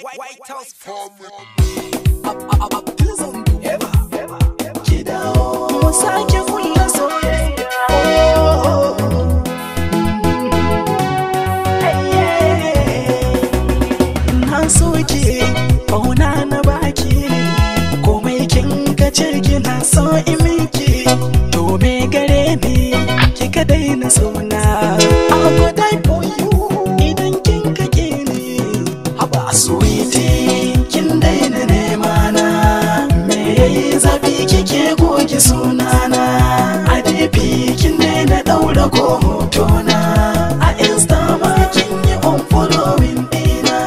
White, White House Forum. Mu sake kulla soyayya. Na so ke, kauna na baki, komai kin ga jirgi na so imiki, gare ni, kika daina suna. ko hotona a insta ma kin yi on following dina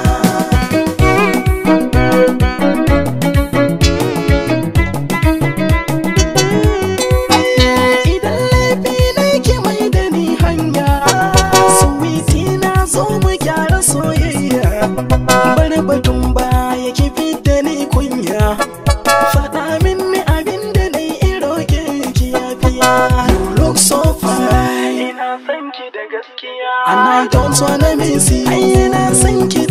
idan laifi ne ki mai da ni hanya suwiti na zo mu gyara soyayya bari batun baya ki fi da ni kunya And I don't wanna miss you. Ai, na san ki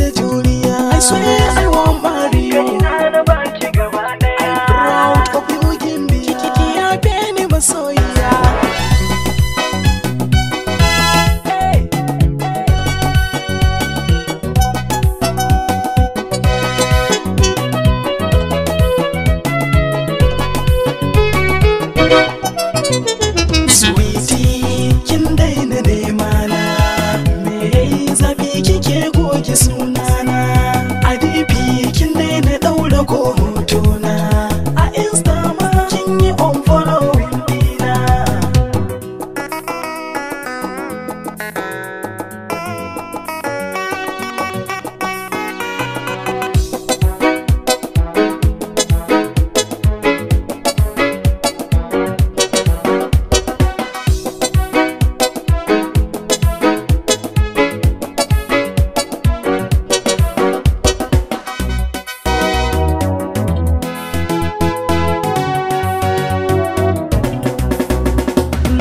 louco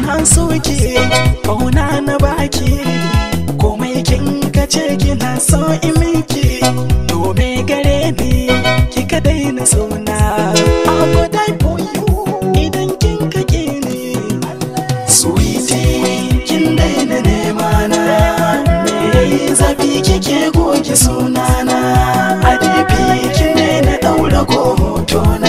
an soke kauna na baki komai kin kace kina so in miki to me gare ni kika daina sauna kin kake ni kin daina nema na me kike goge sunana kin daina ɗaura ko hotona